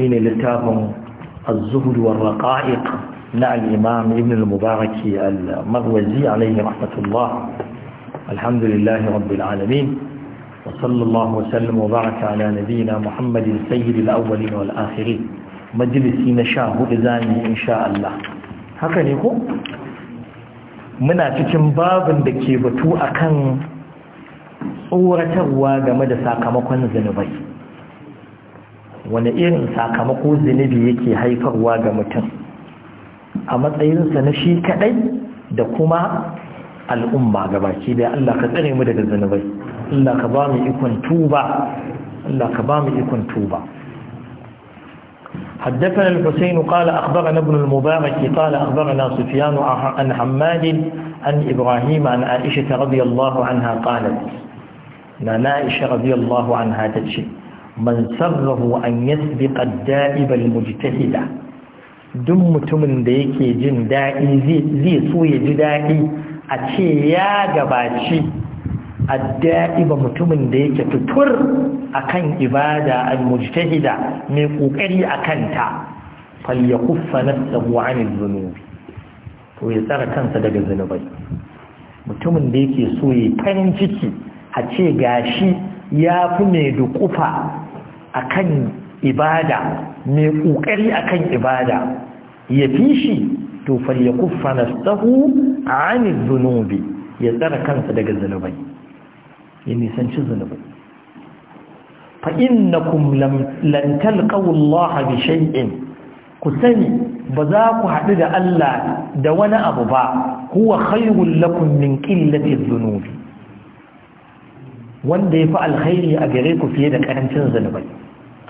shine littafin az-zuhd war raqa'iq na al-imam ibn al-mubarak al marwazi alayhi rahmatullah alhamdulillah rabbil alamin wa sallallahu wa sallam wa baraka ala nabiyyina muhammadin al awwalin wal akhirin majlisi na sha hudu yi insha Allah haka ne ko muna cikin babin da ke batu akan tsoratarwa game da sakamakon zunubai wani irin sakamako zunubi yake haifarwa ga mutum a matsayinsa na shi kadai da kuma al'umma gabaki da Allah ka tsare mu daga zunubai Allah ka ba mu ikon tuba Allah ka ba mu ikon tuba حدثنا الحسين قال أخبرنا ابن المبارك قال أخبرنا سفيان عن حماد عن إبراهيم عن عائشة رضي الله عنها قالت نانا عائشة رضي الله عنها تجشي man sarrahu an yasbiqa ad al-mujtahida duk mutumin da yake jin da'i zai so ya ji daɗi a ce ya gabaci adda'iba mutumin da yake fitur akan ibada al-mujtahida mai kokari akan ta falyakuffa nafsahu 'anil dhunubi to ya tsara kansa daga zunubai mutumin da yake so ya ciki a ce gashi ya fi mai dukufa akan ibada mai kokari akan ibada ya fi shi to falyakuffa nastahu ani dhunubi ya tsara kansa daga zanubai ya nisanci zanubai fa innakum lan talqaw Allah bi shay'in ku sani ba za ku haɗu da Allah da wani abu ba huwa khayrun lakum min qillati dhunubi wanda yafi alkhairi a gare ku fiye da karancin zanubai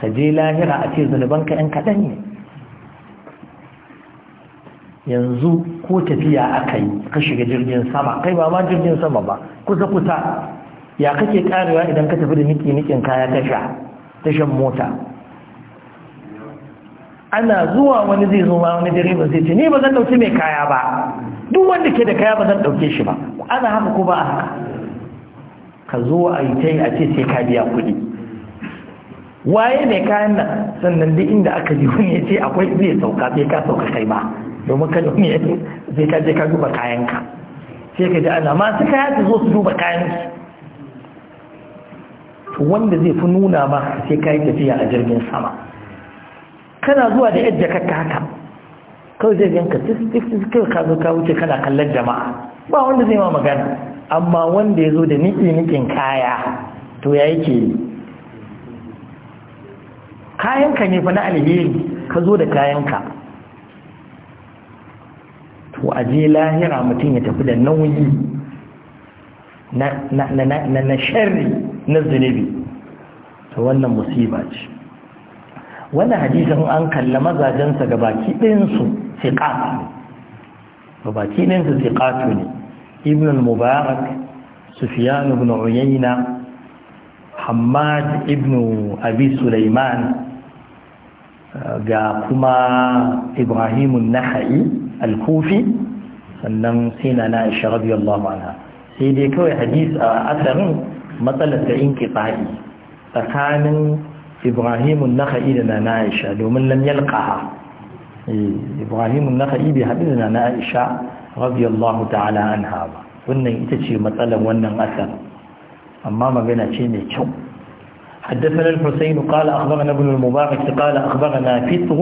ka je lahira a ce zunubanka ‘yan kaɗan ne yanzu ko tafiya aka yi ka shiga jirgin sama kai ba ma jirgin sama ba kusa-kusa ya kake karewa idan ka tafi da niki-nikin kaya tasha tashan mota ana zuwa wani zai zo ma wani direban sai ce ni ba zan dauki mai kaya ba duk wanda ke da kaya ba zan dauke shi ba ana haka ko ba haka ka zo a yi ta yi a ce sai ka biya kuɗi waye mai kayan nan sannan duk inda aka ji wani ya ce akwai zai sauka sai ka sauka kai ba domin ka ne zai ka je ka duba kayan ka sai ka ji ana masu kaya su zo su duba kayan su wanda zai fi nuna ba sai ka yi tafiya a jirgin sama kana zuwa da yadda ka kaka kawai zai yanka kai ka zo ka wuce kana kallon jama'a ba wanda zai ma magana amma wanda ya zo da niki nikin kaya to ya yake yi kayanka ne fa na alheri ka zo da kayanka to a je lahira mutum ya tafi da nauyi na sharri na zunubi to wannan musiba ce wannan hadisin an kalla mazajensa ga baki ɗinsu siƙatu ne ga baki ɗinsu ne ibn al-mubarak sufiyan ibn uyayna hammad ibn abi sulaiman ga kuma ibrahim naha'i al-kufi sannan sai na isha radiyallahu anha sai dai kawai hadis a asarin matsalar da in kifahi tsakanin ibrahim naha'i da na domin lam yalqaha eh, ibrahim naha'i bai haɗu da na na isha radiyallahu ta'ala anha ba wannan ita ce matsalar wannan asar amma magana ce mai kyau حدثنا الحسين قال أخبرنا ابن المبارك قال أخبرنا فتغ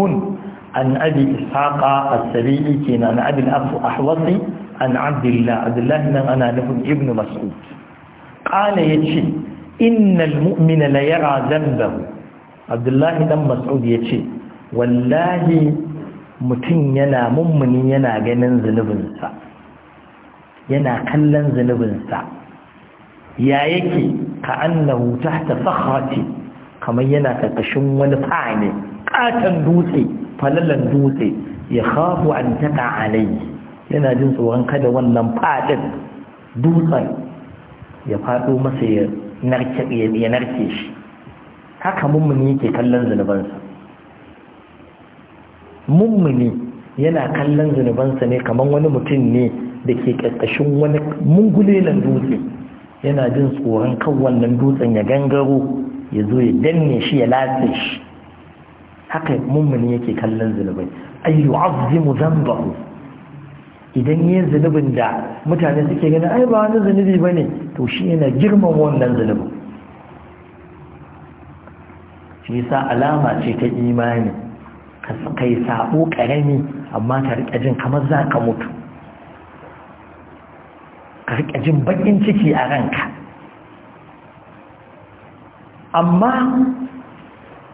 عن أبي إسحاق السبيعي كان عن أبي الأحوصي عن عبد الله عبد الله من أنا لهم ابن مسعود قال يتشي إن المؤمن ليرى ذنبه عبد الله بن مسعود يتشي والله mutum yana mummuni yana ganin zunubinsa yana kallon zunubinsa ya yake ka annahu tahta sakhrati kamar yana karkashin wani fa'ani katan dutse falalan dutse ya khafu an taqa alayhi yana jin tsoron kada wannan fadin dutsen ya fado masa ya narke ya narke shi haka mummuni yake kallon zunubansa mummuni yana kallon sa ne kamar wani mutum ne da ke karkashin wani mungulelan dutse yana jin tsoron kan wannan dutsen ya gangaro ya zo ya danne shi ya latse shi haka mummuni yake kallon zunubai ay zan zambahu idan yin zunubin da mutane suke gani ai ba wani zunubi ne to shi yana girman wannan zunubi shi yasa alama ce ta imani kai sabo karami amma ta rika jin kamar za ka mutu ka riƙa jin baƙin ciki a ranka amma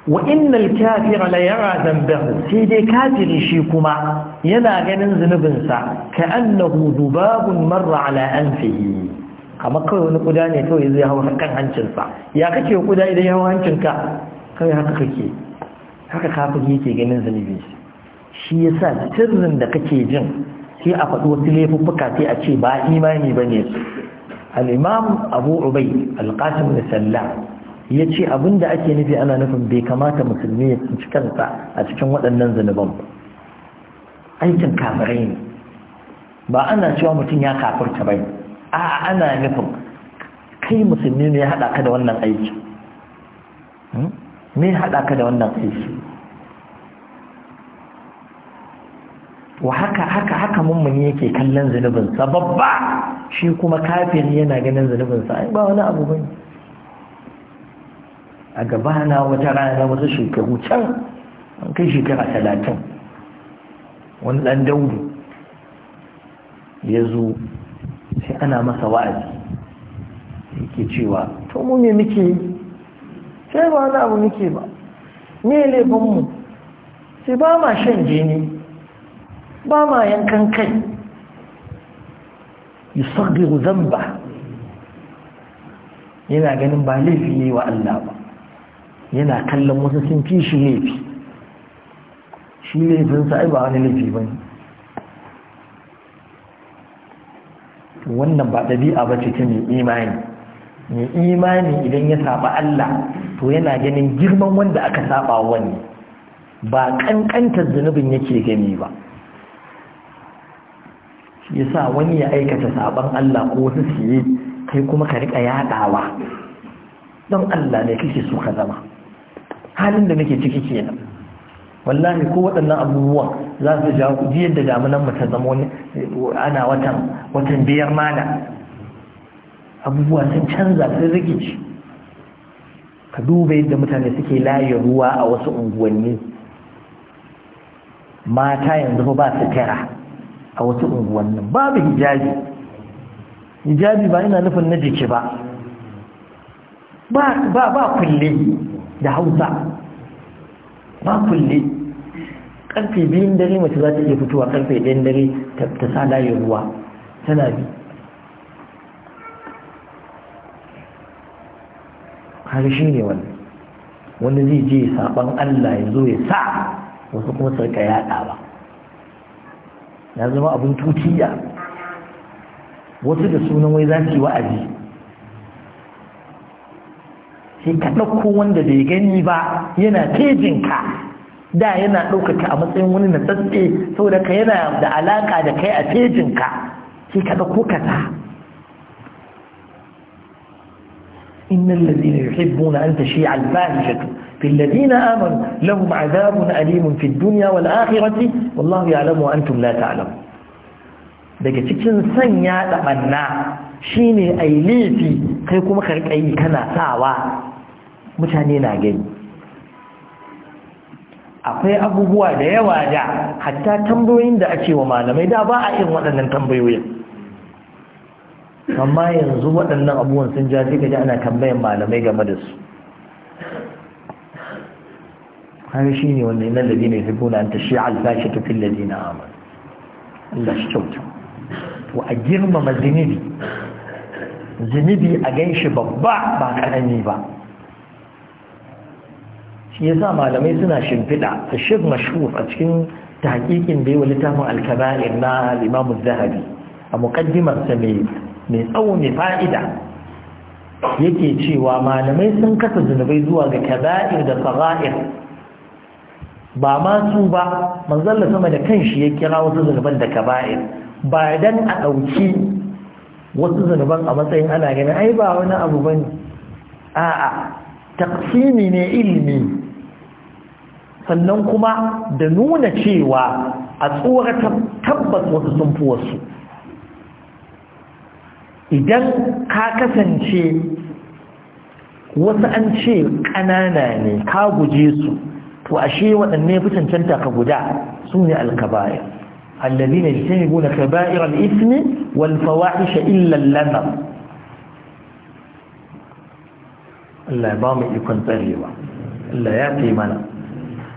wa innal kafira la yara dambahu sai dai kafiri shi kuma yana ganin zunubinsa ka annahu dubabun marra ala anfihi kama kawai wani kuda ne kawai zai hau kan hancinsa ya kake kuda idan ya hau hancinka kawai haka kake haka kafin yake ganin zunubi? shi yasa sirrin da kake jin sai a faɗi wasu laifuffuka sai a ce ba imani ba ne su al'imam abu ubai alƙasim da ya ce abinda ake nufi ana nufin bai kamata musulmi ya tsinci kansa a cikin waɗannan zunuban aikin kafirai ne ba ana cewa mutum ya kafirta bai a ana nufin kai musulmi ne ya haɗa ka da wannan aiki me ya haɗa ka da wannan aiki hmm? wa haka haka haka mummuni yake kallon zunubinsa babba shi kuma kafiri yana ganin zunubinsa ai ba wani abu bane a gabana wata rana wasu shekaru can an kai shekara talatin wani ɗan daudu ya zo sai ana masa wa'azi yake cewa to mu ne muke sai ba wani abu muke ba ne laifinmu sai ba ma shan jini ba ma yankan kai yusaghiru zamba. yana ganin ba laifi ne wa Allah ba yana kallon wasu sun fi shi laifi shi laifinsa ai ba wani laifi ba ne wannan ba ɗabi'a ba ce ta mai imani mai imani idan ya saba Allah to yana ganin girman wanda aka saba wani ba ƙanƙantar zunubin yake gani ba shi yasa wani ya aikata sabon Allah ko wasu siye kai kuma ka rika yaɗawa don Allah ne kake so ka zama halin da nake ciki kenan wallahi ko waɗannan abubuwa za su jawo ji jiyar da damunan mu ta zama wani ana watan watan biyar mana abubuwa sun canza sun rikici ka duba yadda mutane suke layin ruwa a wasu unguwanni mata yanzu ba su tara a wasu unguwannin babu hijabi hijabi ba ina nufin na jiki ba ba kulle da hausa ba kulle karfe biyun dare mace za ta iya fitowa karfe ɗayan dare ta sa layin ruwa tana bi har shi ne wani wani zai je saɓan allah ya zo ya sa wasu kuma sarka yaɗa ba ya zama abin tutiya wasu da sunan wai za su yi wa'azi sai ka ɗauko wanda bai gani ba yana ka da yana ɗaukaka a matsayin wani na tsatse saboda ka yana da alaƙa da kai a tejinka sai ka ɗauko ka ta innan an في الذين آمنوا لهم عذاب أليم في الدنيا والآخرة والله يعلم وأنتم لا تعلم daga cikin sanya da banna shine ai laifi kai kuma karkai kana sawa mutane na gani akwai abubuwa da yawa da hatta tambayoyin da ake wa malamai da ba a irin waɗannan tambayoyin amma yanzu waɗannan abubuwan sun ja sai ana tambayan malamai game da su هذا شيء يعني ان الذين يحبون أن تشيع الفاشة في الذين آمنوا لا شوتو وأجر ما مزنيبي زنيبي أجيش ببع بعد أنيبا شيء زعم على ما يسمع شن بدع الشيء مشهور أتكلم تحقيق بي ولتهم الكبائر مع الإمام الذهبي مقدمة سمي من أول فائدة يكي تشي وما على ما يسمع كتب زنبي زوا الكبائر ده صغائر ba ma su ba manzalla sama da kanshi ya kira wasu zunuban da kaba'ir ba dan a ɗauki wasu zunuban a matsayin ana ganin ai ba wani abu ba ne a'a taksimi ne ilimi sannan kuma da nuna cewa a tsorata tabbas wasu sun fi wasu idan ka kasance wasu an ce ƙanana ne ka guje su to ashe wadanne fi cancanta ka guda al-kaba'ir alladhina yajtanibuna kaba'ir al-ithmi wal الإثم illa al اللمم Allah ya ba mu ikon tsarewa Allah ya fi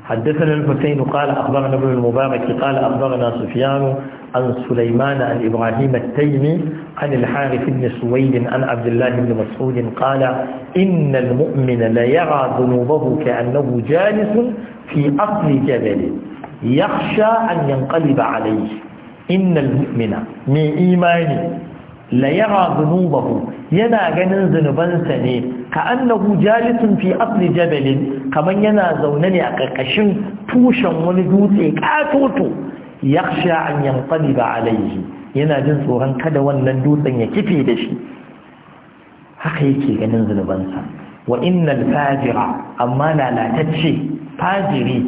حدثنا الحسين قال أخبرنا ابن المبارك قال أخبرنا سفيان عن سليمان عن إبراهيم التيمي عن الحارث بن سويد عن عبد الله بن مسعود قال إن المؤمن ليرى ذنوبه كأنه جالس في أصل جبل يخشى أن ينقلب عليه إن المؤمن من إيمانه ليرى ذنوبه yana ganin zunubansa ne ka annahu jalisun fi asli jabalin kaman yana zaune ne a ƙarƙashin tushen wani dutse katoto yakhsha an yanqaliba alayhi yana jin tsoron kada wannan dutsen ya kife da shi haka yake ganin zunubansa wa innal fajira amma lalatacce fajiri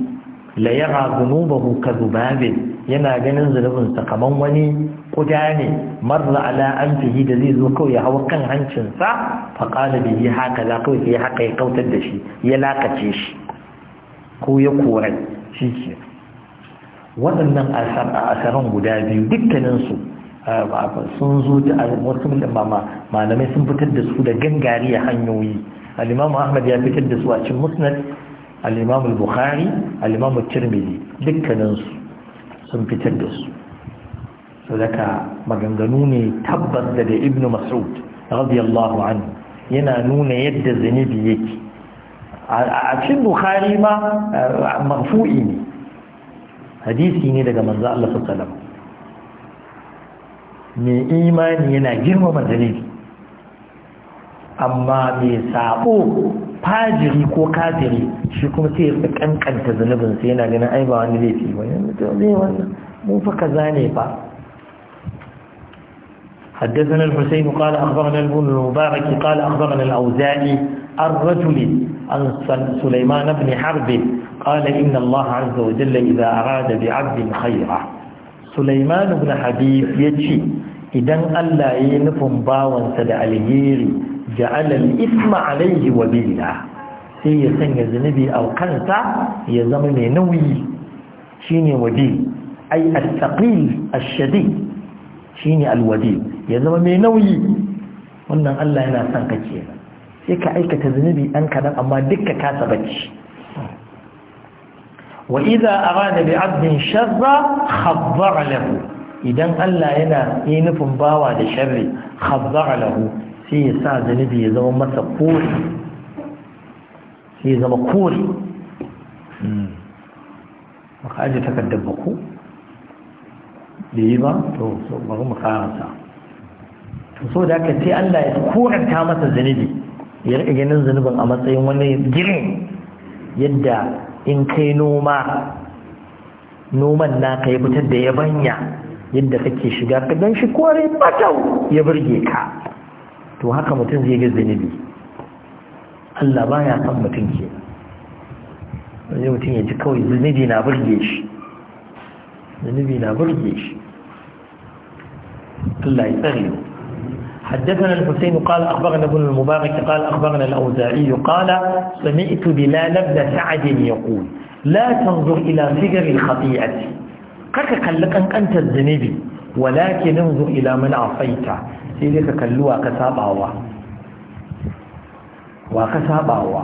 la yara zunubahu ka zubabin yana ganin zunubinsa kamar wani kuda ne marra ala an da zai zo kawai ya hawa kan hancinsa bai yi haka za kawai ya haka ya kautar da shi ya lakace shi ko ya korai shi ke waɗannan asaran guda biyu dukkaninsu sun zo da wasu malamai sun fitar da su da gangariya hanyoyi al'imamu ahmad ya fitar da su a cin musnad al'imamu bukhari al'imamu tirmidhi dukkaninsu sun fitar da su sadaka maganganu ne tabbas daga ibn mas'ud radiyallahu anhu yana nuna yadda Zanibi yake a cikin bukhari ma marfu'i ne hadisi ne daga manzo Allah sallallahu alaihi wasallam mai imani yana girmama Zanibi. amma mai sabo fajiri ko kafiri shi kuma sai ya kankanta zunubin sai yana ganin ai ba wani laifi ba yanzu to zai wannan mun fa kaza ne ba حدثنا الحسين قال أخبرنا ابن المبارك قال أخبرنا الأوزاعي الرجل عن سليمان بن حرب قال إن الله عز وجل إذا أراد بعبد خيرا سليمان بن حبيب يجي idan Allah ya nufin bawansa da alheri Ja'alal isma alaihi alayhi wa sai ya sanya zunubi a kansa ya zama mai nauyi shine wadi ai at-taqil ash-shadid shine al-wadi ya zama mai nauyi wannan Allah yana son ka kenan sai ka aikata zunubi dan kaɗan amma dukka kasa bacci wa iza arada bi abdin sharra khabbara lahu idan Allah yana yi nufin bawa da sharri khabbara lahu Shi ya sa zunubi ya zama masa kore shi ya zama kore maka hmm. aji takardar bako da yi ba to bari mu karanta to so da aka sai Allah ya koranta masa zunubi ya rika ganin zunubin a matsayin wani girin yadda in kai noma noman naka ya fitar da yabanya yadda kake shiga ka gan shi kore batau ya burge ka to haka mutum zai ga zunubi Allah baya san mutum ke wani mutum ya ji kawai zunubi na burge shi zunubi na burge shi Allah ya tsare حدثنا الحسين قال أخبرنا ابن المبارك قال أخبرنا الأوزاعي قال سمعت بلال بن سعد يقول لا تنظر إلى فجر الخطيئة قد قلقا أنت الذنبي walakin yanzu ila man afaita sai dai ka kalli wa ka sabawa wa ka sabawa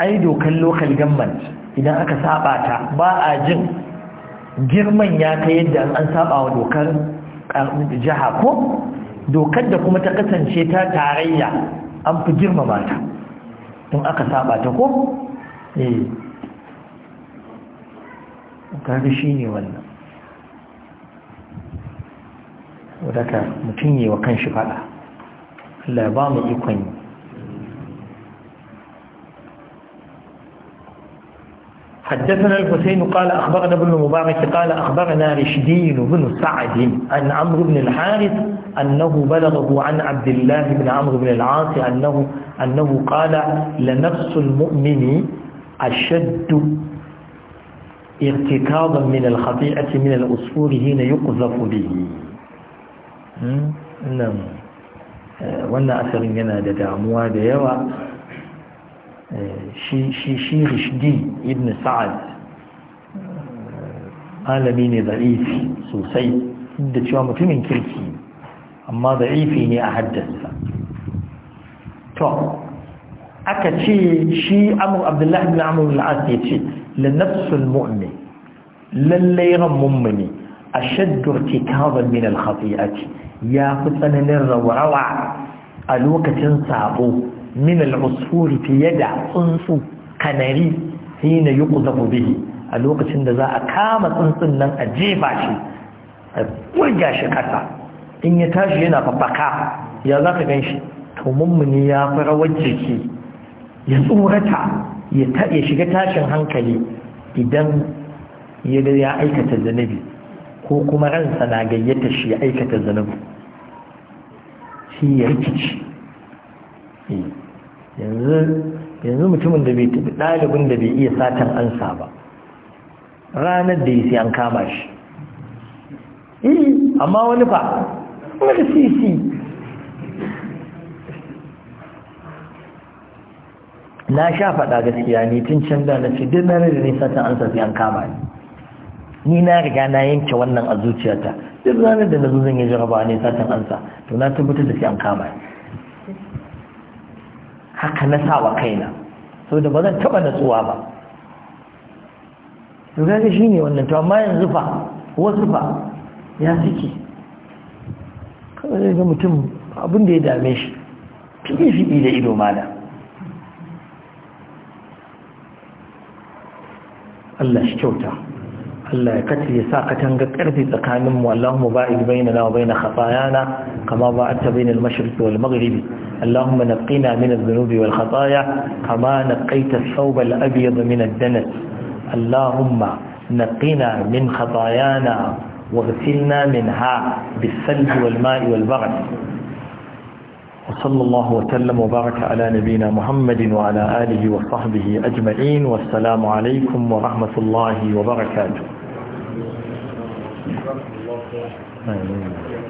ai dokan local government idan aka saba ba a jin girman ya kai yadda an saba wa dokar jiha ko dokar da kuma ta kasance ta tarayya an fi girmama ta in aka saba ko eh kaga shine wannan wadaka mutum yi wa kanshi fada Allah ba mu ikon yi حدثنا الحسين قال أخبرنا ابن المبارك قال أخبرنا رشدين بن سعد عن عمرو بن الحارث أنه بلغه عن عبد الله بن عمرو بن العاص أنه, أنه قال لنفس المؤمن أشد ارتكابا من الخطيئة من الأسفور حين يقذف به Hmm? wannan eh, asarin yana da damuwa da yawa eh, shi shi rishdi ibn sa'ad eh, malami ne za'ifi sosai da cewa mutumin kirki amma za'ifi ne a haddasa to aka ce shi amur abdullahi ibn amur al'as ya ce lannafsul mu'min lallai ran mummuni أشد ارتكابا من الخطيئة يا فتن الروعوع ألوكة صعبو من العصفور في يدع صنصو قنري حين يقذف به ألوكة ذا أكام صنصنا أجيب عشي ويجا شكتا إن يتاجي هنا فبقى يا ذاك غنشي توممني يا فروجكي يصورتا يشكتاشن هنكلي إذن يا أيكة الزنبي ko kuma ransa na gayyata shi ya aikata zanubu shi ya rikici eh, yanzu mutumin da bai tafi ɗalibin da bai iya satan ansa ba ranar da ya an kama shi iri eh, amma wani fa wani sisi na sha faɗa gaskiya ne tun can da na ce duk ranar da ne satan ansa sai an kama ne ni na riga na yanke wannan a zuciyata duk ranar da na zo zan yi jaraba ne satan ansa to na tabbatar da shi an kama ni haka na sa wa kaina da ba zan taba natsuwa ba to shi ne wannan to amma yanzu fa wasu fa ya suke kawai ga mutum abin da ya dame shi fiɗi-fiɗi da ido mana Allah shi kyauta Allah ya kace ya sa katanga karfi tsakanin mu Allahumma ba'id bainana wa bain khatayana kama ba'adta bain al-mashriq wal maghrib Allahumma naqqina min adh-dhunubi wal khataya kama naqqaita ath-thawb al-abyad min ad-danas Allahumma naqqina min khatayana واغسلنا منها بالثلج والماء والبرد وصلى الله وسلم وبارك على نبينا محمد وعلى آله وصحبه أجمعين والسلام عليكم ورحمة الله وبركاته 嗯。